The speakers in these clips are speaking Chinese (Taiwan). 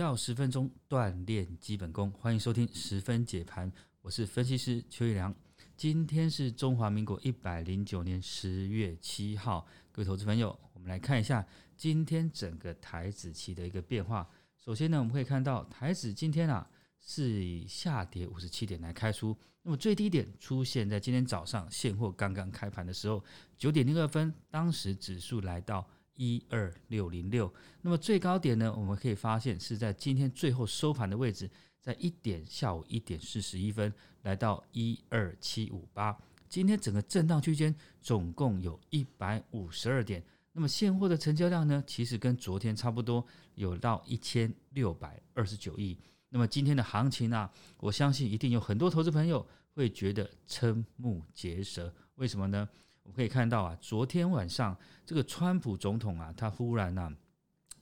要十分鐘鍛鍊基本功，歡迎收聽十分解盤，我是分析師邱玉良。今天是中華民國一百零九年十月七號，各位投資朋友，我們來看一下今天整個台指期的一個變化。首先呢，我們可以看到台指今天啊是以下跌五十七點來開出，那麼最低點出現在今天早上現貨剛剛開盤的時候，九點零二分，當時指數來到。一二六零六，那麼最高點呢？我們可以發現是在今天最後收盤的位置，在一點下午一點四十一分，來到一二七五八。今天整個震盪區間總共有一百五十二點。那麼現貨的成交量呢？其實跟昨天差不多，有到一千六百二十九億。那麼今天的行情啊，我相信一定有很多投資朋友會覺得瞠目結舌，為什麼呢？可以看到啊，昨天晚上這個川普總統啊，他忽然啊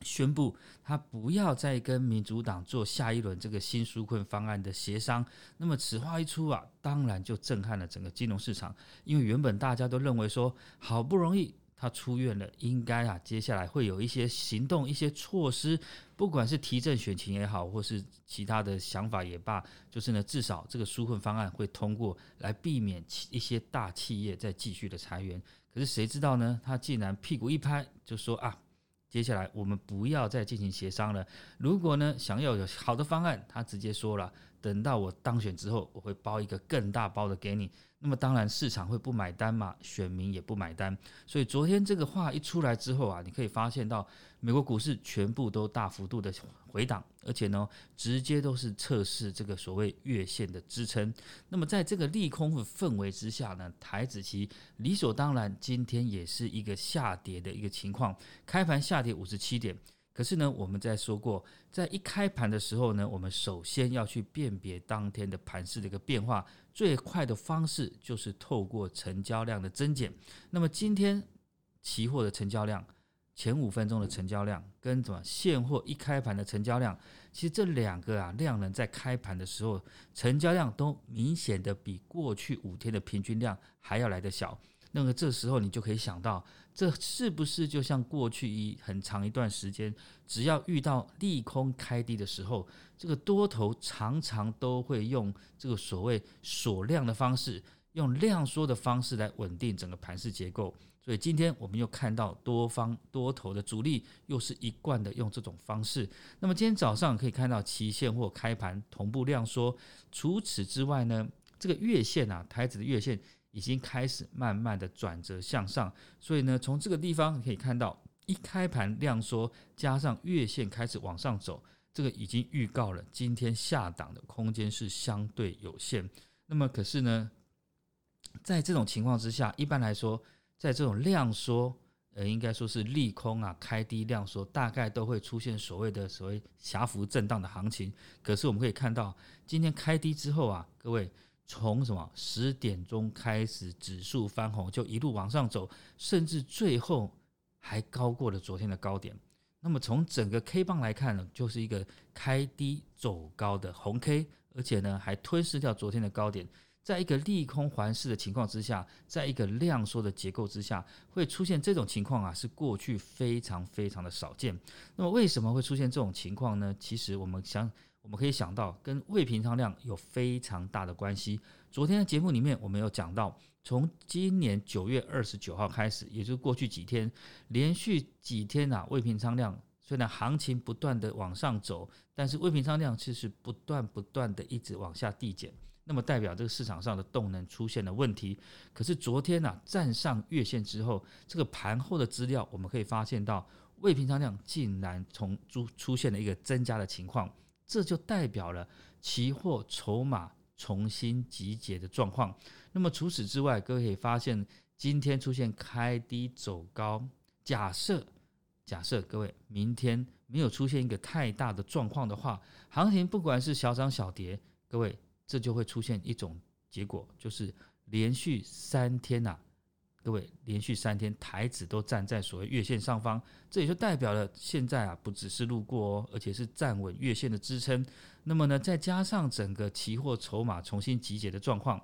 宣布他不要再跟民主黨做下一輪這個新紓困方案的協商。那麼此話一出啊，當然就震撼了整個金融市場，因為原本大家都認為說好不容易。他出院了，應該啊，接下來會有一些行動、一些措施，不管是提振選情也好，或是其他的想法也罷，就是呢，至少這個紓困方案會通過，來避免一些大企業再繼續的裁員。可是誰知道呢？他竟然屁股一拍，就說啊，接下來我們不要再進行協商了。如果呢，想要有好的方案，他直接說了。等到我當選之後，我會包一個更大包的給你。那麼當然市場會不買單嘛，選民也不買單。所以昨天這個話一出來之後啊，你可以發現到美國股市全部都大幅度的回檔，而且呢，直接都是測試這個所謂月線的支撐。那麼在這個利空的氛圍之下呢，台指期理所當然今天也是一個下跌的一個情況，開盤下跌五十七點。可是呢，我們在說過，在一開盤的時候呢，我們首先要去辨別當天的盤勢的一個變化，最快的方式就是透過成交量的增減。那麼今天期貨的成交量，前五分鐘的成交量跟什麼現貨一開盤的成交量，其實這兩個啊，量能在開盤的時候成交量都明顯的比過去五天的平均量還要來得小。那麼、個、這時候你就可以想到，這是不是就像過去一很長一段時間，只要遇到利空開低的時候，這個多頭常常都會用這個所謂鎖量的方式，用量縮的方式來穩定整個盤式結構。所以今天我們又看到多方多頭的主力又是一貫的用這種方式。那麼今天早上可以看到期現貨開盤同步量縮，除此之外呢，這個月線啊，台指的月線。已經開始慢慢的轉折向上，所以呢，從這個地方你可以看到，一開盤量縮，加上月線開始往上走，這個已經預告了今天下檔的空間是相對有限。那麼，可是呢，在這種情況之下，一般來說，在這種量縮，呃，應該說是利空啊，開低量縮，大概都會出現所謂的所謂狹幅震盪的行情。可是我們可以看到，今天開低之後啊，各位。從什麼十點鐘開始，指數翻紅就一路往上走，甚至最後還高過了昨天的高點。那麼從整個 K 棒來看呢，就是一個開低走高的紅 K，而且呢還吞噬掉昨天的高點。在一個利空環伺的情況之下，在一個量縮的結構之下，會出現這種情況啊，是過去非常非常的少見。那麼為什麼會出現這種情況呢？其實我們想。我們可以想到，跟未平倉量有非常大的關係。昨天的節目裡面，我們有講到，從今年九月二十九號開始，也就是過去幾天，連續幾天啊，未平倉量雖然行情不斷的往上走，但是未平倉量其實不斷不斷的一直往下遞減。那麼代表這個市場上的動能出現了問題。可是昨天呢、啊，站上月線之後，這個盤後的資料，我們可以發現到，未平倉量竟然從出出現了一個增加的情況。這就代表了期貨籌碼重新集結的狀況。那麼除此之外，各位可以發現，今天出現開低走高。假設假設各位明天沒有出現一個太大的狀況的話，行情不管是小漲小跌，各位這就會出現一種結果，就是連續三天吶、啊。各位，連續三天台指都站在所謂月線上方，這也就代表了現在啊，不只是路過哦，而且是站穩月線的支撐。那麼呢，再加上整個期貨籌碼重新集結的狀況，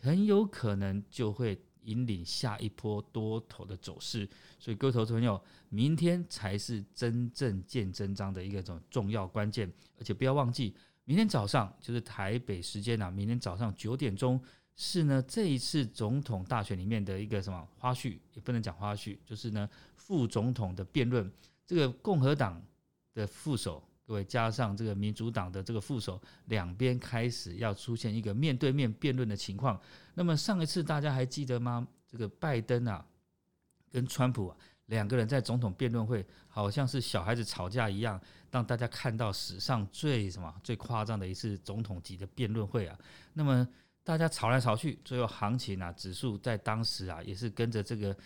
很有可能就會引領下一波多頭的走勢。所以，各位朋友，朋友，明天才是真正見真章的一個這種重要關鍵。而且不要忘記，明天早上就是台北時間啊，明天早上九點鐘。是呢，這一次總統大選裡面的一個什麼花絮，也不能講花絮，就是呢，副總統的辯論，這個共和黨的副手，各位加上這個民主黨的這個副手，兩邊開始要出現一個面對面辯論的情況。那麼上一次大家還記得嗎？這個拜登啊，跟川普啊，兩個人在總統辯論會，好像是小孩子吵架一樣，讓大家看到史上最什麼最誇張的一次總統級的辯論會啊。那麼。大家吵來吵去，最後行情啊，指數在當時啊，也是跟着這個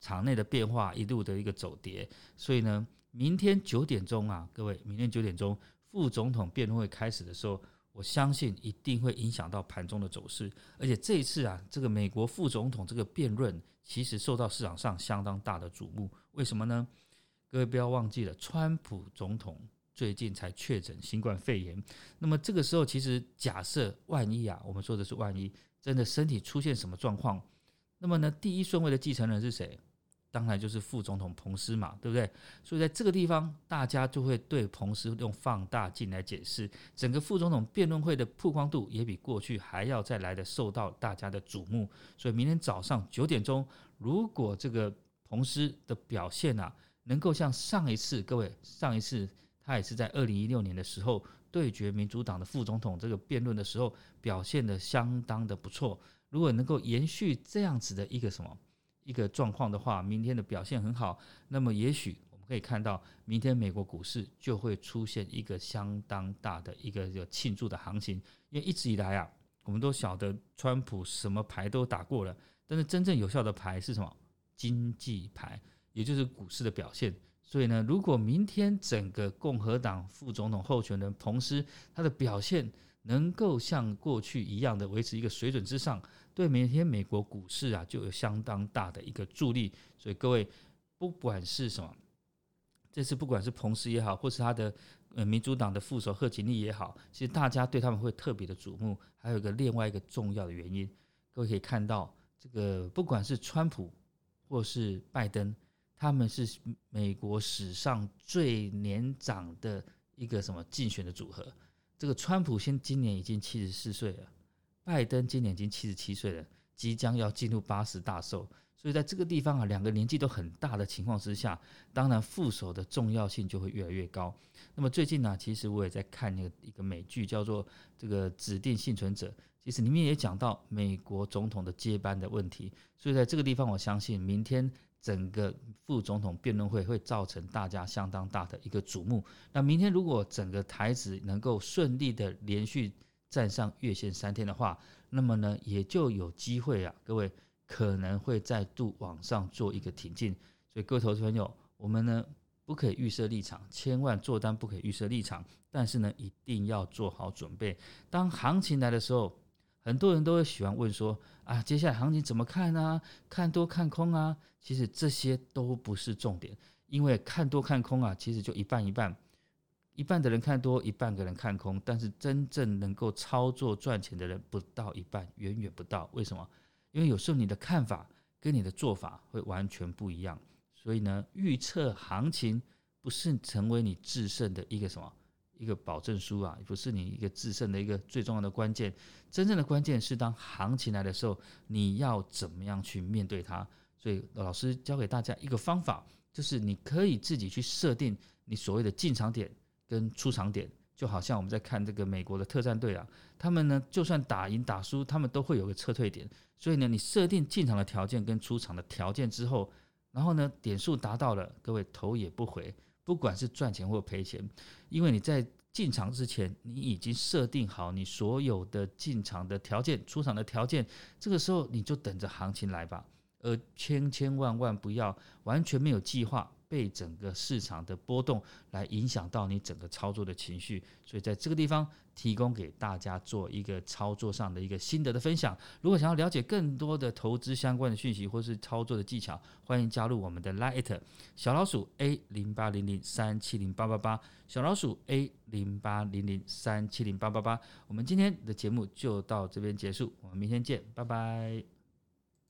場內的變化一路的一個走跌。所以呢，明天九點鐘啊，各位，明天九點鐘副總統辯論會開始的時候，我相信一定會影響到盤中的走勢。而且這一次啊，這個美國副總統這個辯論，其實受到市場上相當大的矚目。為什麼呢？各位不要忘記了，川普總統。最近才確診新冠肺炎，那麼這個時候，其實假設萬一啊，我們說的是萬一，真的身體出現什麼狀況，那麼呢，第一順位的繼承人是誰？當然就是副總統彭斯嘛，對不對？所以在這個地方，大家就會對彭斯用放大鏡來解釋。整個副總統辯論會的曝光度也比過去還要再來得受到大家的矚目。所以明天早上九點鐘，如果這個彭斯的表現啊，能夠像上一次，各位上一次。他也是在二零一六年的時候對決民主黨的副總統這個辯論的時候，表現得相當的不錯。如果能夠延續這樣子的一個什麼一個狀況的話，明天的表現很好，那麼也許我們可以看到明天美國股市就會出現一個相當大的一個慶祝的行情。因為一直以來啊，我們都曉得川普什麼牌都打過了，但是真正有效的牌是什麼？經濟牌，也就是股市的表現。所以呢，如果明天整個共和黨副總統候選人彭斯他的表現能夠像過去一樣的維持一個水準之上，對明天美國股市啊就有相當大的一個助力。所以各位，不管是什麼，這次不管是彭斯也好，或是他的呃民主黨的副手賀錦麗也好，其實大家對他們會特別的矚目。還有一個另外一個重要的原因，各位可以看到，這個不管是川普或是拜登。他們是美國史上最年長的一個什麼競選的組合。這個川普現今年已經七十四歲了，拜登今年已經七十七歲了，即將要進入八十大壽。所以在這個地方啊，兩個年紀都很大的情況之下，當然副手的重要性就會越來越高。那麼最近呢、啊，其實我也在看那個一個美劇，叫做《這個指定幸存者》，其實裡面也講到美國總統的接班的問題。所以在這個地方，我相信明天。整個副總統辯論會會造成大家相當大的一個矚目。那明天如果整個台指能夠順利的連續站上月線三天的話，那麼呢也就有機會啊，各位可能會再度往上做一個挺進。所以各位投資朋友，我們呢不可以預設立場，千萬做單不可以預設立場，但是呢一定要做好準備。當行情來的時候。很多人都會喜歡問說啊，接下來行情怎麼看呢？啊？看多看空啊？其實這些都不是重點，因為看多看空啊，其實就一半一半，一半的人看多，一半的人看空。但是真正能夠操作賺錢的人不到一半，遠遠不到。為什麼？因為有時候你的看法跟你的做法會完全不一樣。所以呢，預測行情不是成為你制勝的一個什麼。一個保證書啊，不是你一個制勝的一個最重要的關鍵。真正的關鍵是，當行情來的時候，你要怎麼樣去面對它？所以老師教給大家一個方法，就是你可以自己去設定你所謂的進場點跟出場點，就好像我們在看這個美國的特戰隊啊，他們呢就算打贏打輸，他們都會有個撤退點。所以呢，你設定進場的條件跟出場的條件之後，然後呢點數達到了，各位頭也不回。不管是賺錢或賠錢，因為你在進場之前，你已經設定好你所有的進場的條件、出場的條件，這個時候你就等着行情來吧。而千千萬萬不要完全沒有計劃。被整個市場的波動來影響到你整個操作的情緒，所以在這個地方提供給大家做一個操作上的一個心得的分享。如果想要了解更多的投資相關的訊息或是操作的技巧，歡迎加入我們的 Line 小老鼠 A 零八零零三七零八八八，小老鼠 A 零八零零三七零八八八。我們今天的節目就到這邊結束，我們明天見，拜拜。